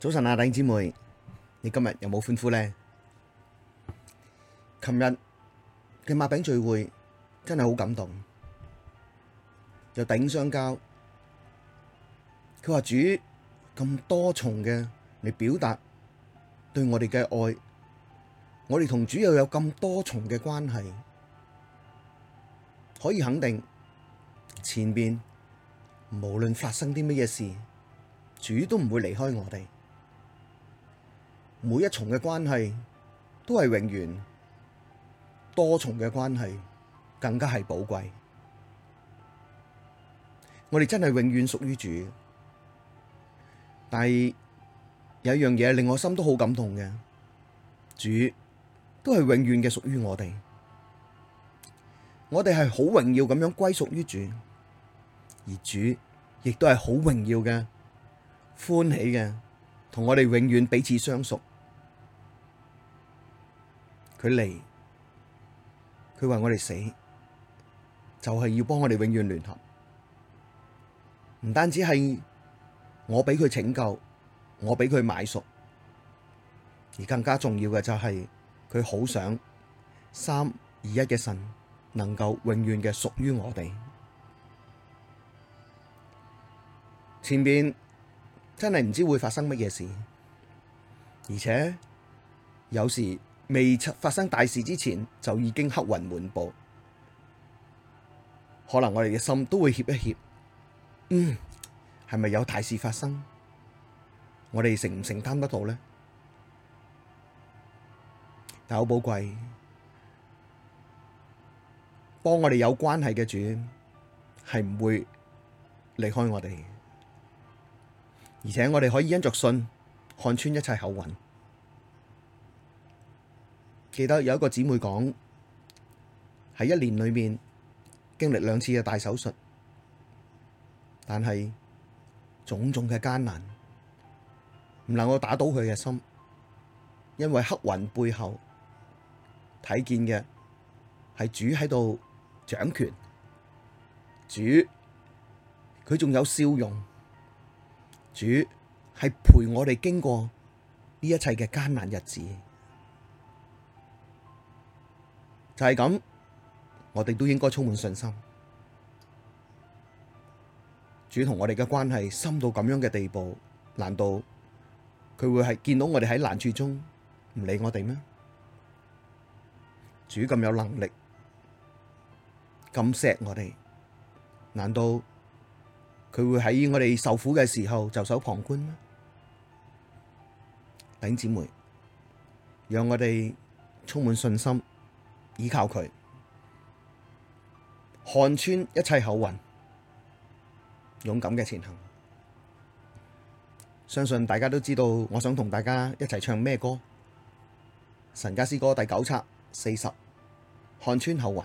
早晨阿、啊、弟兄姊妹，你今日有冇歡呼咧？琴日嘅擘餅聚會真係好感動，有弟兄相交。佢話主咁多重嘅嚟表達對我哋嘅愛，我哋同主又有咁多重嘅關係，可以肯定前面無論發生啲乜嘢事，主都唔會離開我哋。每一重嘅關係都係永遠，多重嘅關係，更加係寶貴。我哋真係永遠屬於主，但係有一樣嘢令我心都好感動嘅，主都係永遠嘅屬於我哋。我哋係好榮耀咁樣歸屬於主，而主亦都係好榮耀嘅、歡喜嘅，同我哋永遠彼此相屬。佢嚟，佢話我哋死就係要幫我哋永遠聯合，唔單止係我俾佢拯救，我俾佢買贖，而更加重要嘅就係佢好想三二一嘅神能夠永遠嘅屬於我哋。前邊真係唔知會發生乜嘢事，而且有時。未發生大事之前就已經黑雲滿佈，可能我哋嘅心都會怯一怯，嗯，係咪有大事發生？我哋承唔承擔得到呢？但係好寶貴，幫我哋有關係嘅主係唔會離開我哋，而且我哋可以因着信看穿一切厚雲。記得有一個姊妹講，喺一年裏面經歷兩次嘅大手術，但係種種嘅艱難唔能夠打倒佢嘅心，因為黑雲背後睇見嘅係主喺度掌權，主佢仲有笑容，主係陪我哋經過呢一切嘅艱難日子。就係咁，我哋都應該充滿信心。主同我哋嘅關係深到咁樣嘅地步，難道佢會係見到我哋喺難處中唔理我哋咩？主咁有能力，咁錫我哋，難道佢會喺我哋受苦嘅時候袖手旁觀咩？弟兄姊妹，讓我哋充滿信心。依靠佢，看穿一切厚雲，勇敢嘅前行。相信大家都知道，我想同大家一齊唱咩歌？神家詩歌第九冊四十，看穿厚雲。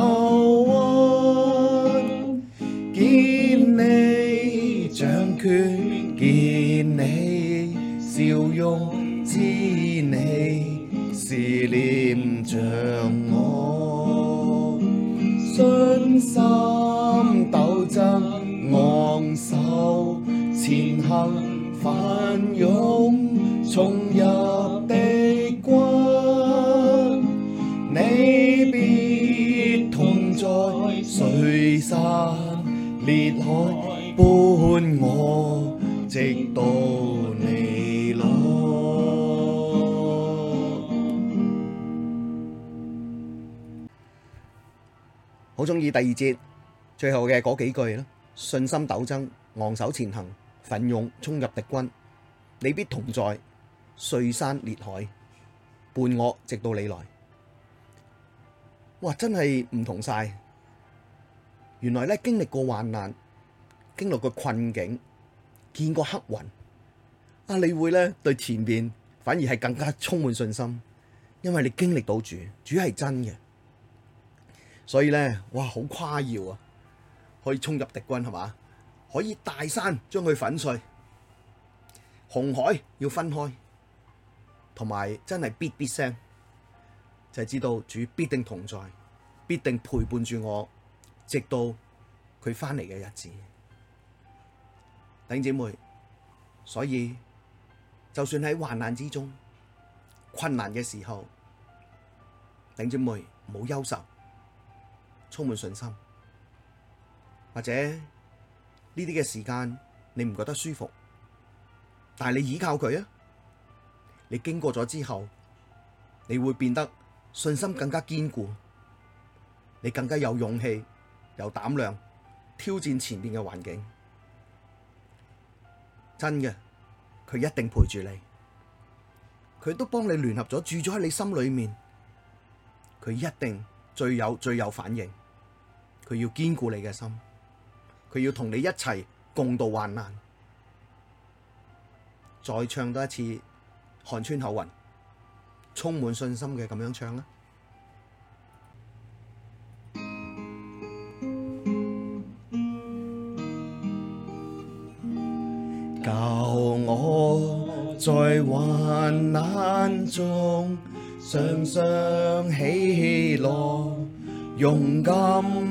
見你笑容，知你思念着我。信心陡增，昂首前行，奮勇衝入敵軍。你必同在，碎山裂海。我中意第二節最後嘅嗰幾句啦，信心陡增，昂首前行，奮勇衝入敵軍，你必同在，碎山裂海，伴我直到你來。哇，真係唔同晒！原來咧經歷過患難，經歷過困境，見過黑雲，啊，你會咧對前邊反而係更加充滿信心，因為你經歷到主，主係真嘅。所以呢，哇，好誇耀啊！可以衝入敵軍係嘛？可以大山將佢粉碎，紅海要分開，同埋真係必必聲，就係知道主必定同在，必定陪伴住我，直到佢翻嚟嘅日子。頂姐妹，所以就算喺患難之中、困難嘅時候，頂姐妹冇憂愁。充滿信心，或者呢啲嘅時間你唔覺得舒服，但係你依靠佢啊，你經過咗之後，你會變得信心更加堅固，你更加有勇氣、有膽量挑戰前面嘅環境。真嘅，佢一定陪住你，佢都幫你聯合咗住咗喺你心裏面，佢一定最有、最有反應。佢要堅固你嘅心，佢要同你一齊共度患難。再唱多一次《看穿厚雲》，充滿信心嘅咁樣唱啦！教我在患難中，常常喜樂，勇敢。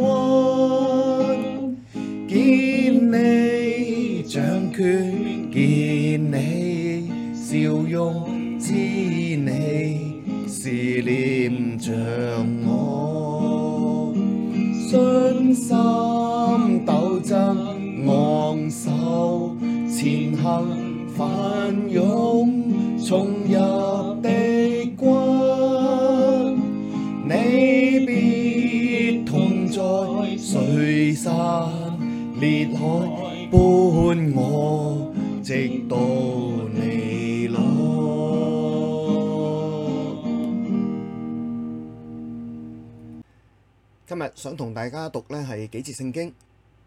裂海伴我，直到你來。今日想同大家讀呢係幾節聖經，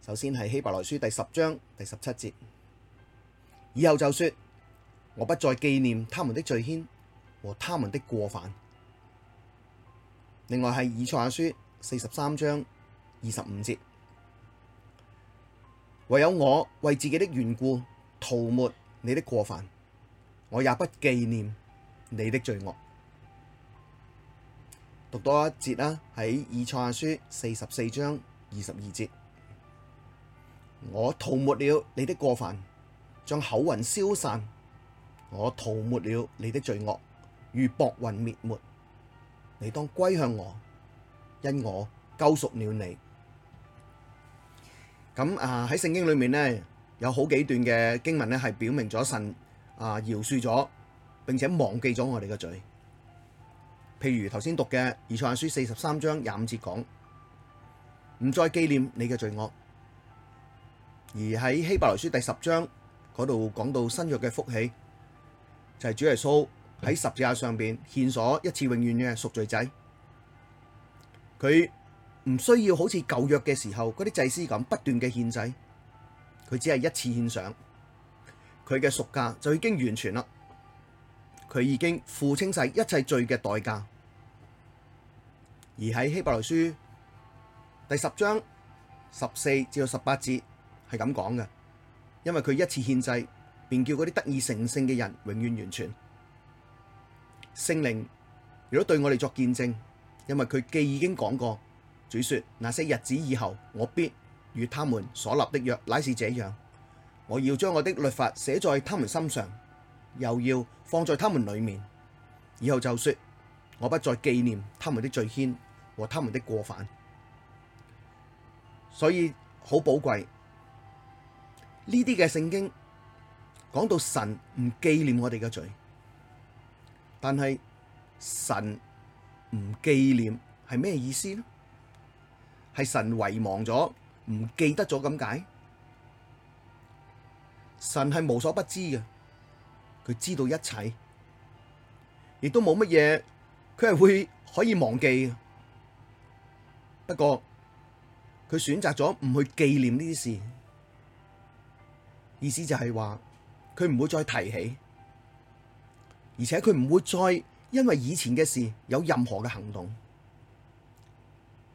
首先係希伯來書第十章第十七節，以後就說，我不再紀念他們的罪愆和他們的過犯。另外係以賽亞書四十三章二十五節。唯有我為自己的緣故塗抹你的過犯，我也不記念你的罪惡。讀多一節啦，喺以賽亞書四十四章二十二節，我塗抹了你的過犯，像厚雲消散；我塗抹了你的罪惡，如薄雲滅沒。你當歸向我，因我救贖了你。咁啊喺聖經裏面呢，有好幾段嘅經文呢係表明咗神啊饒恕咗並且忘記咗我哋嘅罪。譬如頭先讀嘅以賽亞書四十三章廿五節，講唔再紀念你嘅罪惡。而喺希伯來書第十章嗰度講到新約嘅福氣就係主耶穌喺十字架上邊獻咗一次永遠嘅贖罪祭。佢。唔需要好似舊約嘅時候嗰啲祭司咁不斷嘅獻祭，佢只係一次獻上，佢嘅贖價就已經完全啦。佢已經付清晒一切罪嘅代價。而喺希伯來書第十章十四至到十八節係咁講嘅，因為佢一次獻祭便叫嗰啲得以成聖嘅人永遠完全。聖靈如果對我哋作見證，因為佢既已經講過。主說：那些日子以後，我必與他們所立的約乃是這樣，我要將我的律法寫在他們心上，又要放在他們裡面。以後就說：我不再紀念他們的罪愆和他們的過犯。所以好寶貴呢啲嘅聖經講到神唔紀念我哋嘅罪，但係神唔紀念係咩意思呢？係神遺忘咗，唔記得咗咁解？神係無所不知嘅，佢知道一切，亦都冇乜嘢，佢係會可以忘記。不過，佢選擇咗唔去紀念呢啲事，意思就係話佢唔會再提起，而且佢唔會再因為以前嘅事有任何嘅行動。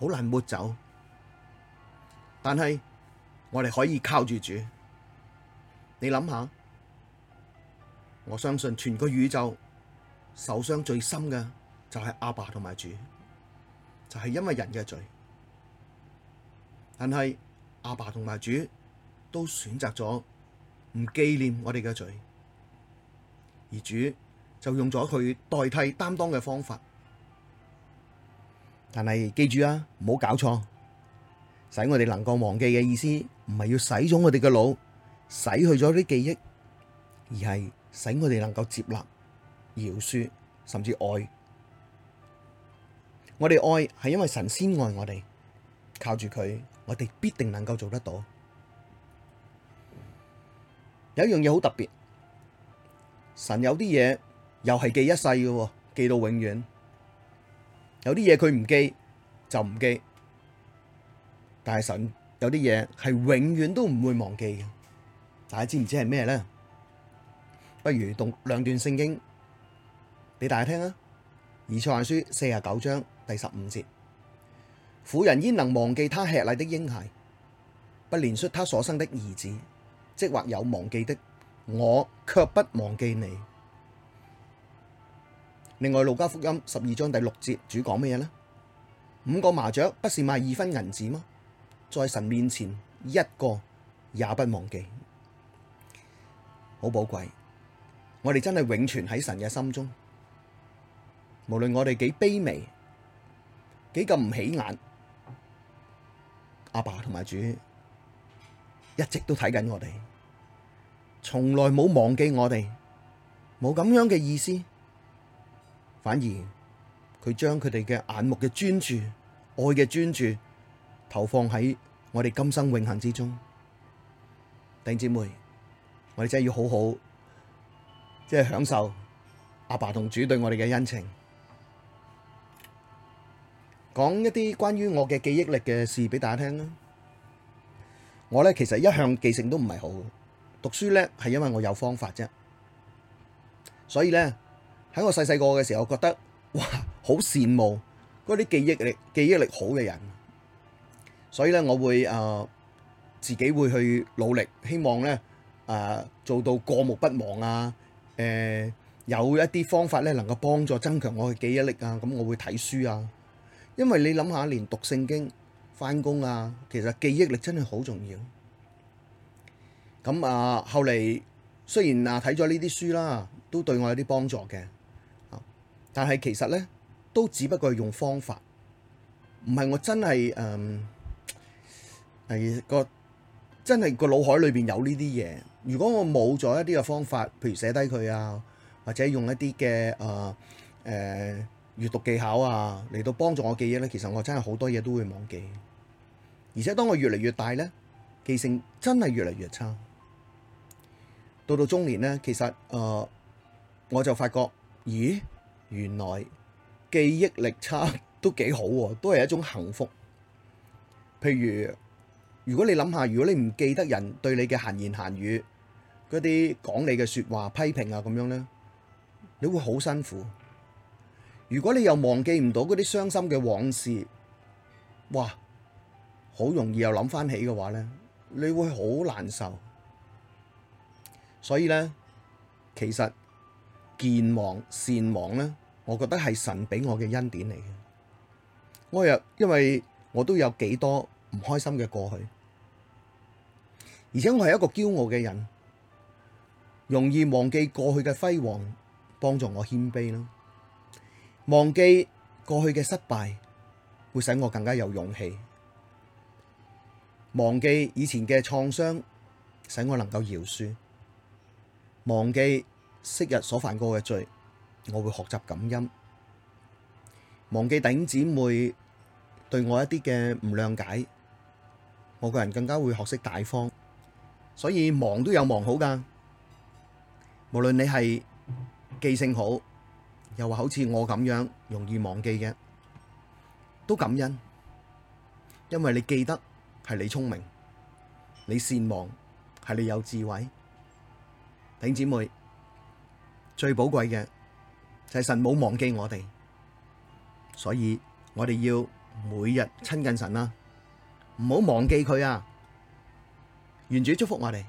好難抹走，但係我哋可以靠住主。你諗下，我相信全個宇宙受傷最深嘅就係阿爸同埋主，就係因為人嘅罪。但係阿爸同埋主都選擇咗唔紀念我哋嘅罪，而主就用咗佢代替擔當嘅方法。但係記住啊，唔好搞錯，使我哋能夠忘記嘅意思，唔係要洗咗我哋嘅腦，洗去咗啲記憶，而係使我哋能夠接納、饒恕，甚至愛。我哋愛係因為神先愛我哋，靠住佢，我哋必定能夠做得到。有一樣嘢好特別，神有啲嘢又係記一世嘅，記到永遠。有啲嘢佢唔記就唔記，但係神有啲嘢係永遠都唔會忘記嘅。大家知唔知係咩咧？不如讀兩段聖經俾大家聽啊！以賽亞書四十九章第十五節：婦人焉能忘記她吃奶的嬰孩，不憐恤他所生的兒子，即或有忘記的，我卻不忘記你。另外，路加福音十二章第六節，主講乜嘢呢？五個麻雀不是賣二分銀子嗎？在神面前，一個也不忘記，好寶貴。我哋真係永存喺神嘅心中，無論我哋幾卑微，幾咁唔起眼，阿爸同埋主一直都睇緊我哋，從來冇忘記我哋，冇咁樣嘅意思。反而佢將佢哋嘅眼目嘅專注、愛嘅專注，投放喺我哋今生永恒之中。弟姐妹，我哋真係要好好，即係享受阿爸同主對我哋嘅恩情。講一啲關於我嘅記憶力嘅事俾大家聽啦。我咧其實一向記性都唔係好，讀書叻係因為我有方法啫。所以咧。喺我細細個嘅時候，覺得哇好羨慕嗰啲記憶力記憶力好嘅人，所以咧我會誒自己會去努力，希望咧誒做到過目不忘啊！誒有一啲方法咧能夠幫助增強我嘅記憶力啊！咁我會睇書啊，因為你諗下，連讀聖經、返工啊，其實記憶力真係好重要。咁啊，後嚟雖然啊睇咗呢啲書啦，都對我有啲幫助嘅。但係其實咧，都只不過係用方法，唔係我真係誒係個真係個腦海裏邊有呢啲嘢。如果我冇咗一啲嘅方法，譬如寫低佢啊，或者用一啲嘅誒誒閱讀技巧啊，嚟到幫助我記憶咧，其實我真係好多嘢都會忘記。而且當我越嚟越大咧，記性真係越嚟越差。到到中年咧，其實誒、呃、我就發覺，咦？原來記憶力差都幾好喎、啊，都係一種幸福。譬如，如果你諗下，如果你唔記得人對你嘅閒言閒語，嗰啲講你嘅說話批評啊咁樣咧，你會好辛苦。如果你又忘記唔到嗰啲傷心嘅往事，哇，好容易又諗翻起嘅話咧，你會好難受。所以咧，其實健忘善忘咧，我覺得係神俾我嘅恩典嚟嘅，我又因為我都有幾多唔開心嘅過去，而且我係一個驕傲嘅人，容易忘記過去嘅輝煌，幫助我謙卑啦；忘記過去嘅失敗，會使我更加有勇氣；忘記以前嘅創傷，使我能夠饒恕；忘記昔日所犯過嘅罪。我會學習感恩，忘記頂姊妹對我一啲嘅唔諒解，我個人更加會學識大方，所以忘都有忘好㗎。無論你係記性好，又話好似我咁樣容易忘記嘅，都感恩，因為你記得係你聰明，你善忘係你有智慧，頂姊妹最寶貴嘅。係神冇忘記我哋，所以我哋要每日親近神啦，唔好忘記佢啊！願主祝福我哋。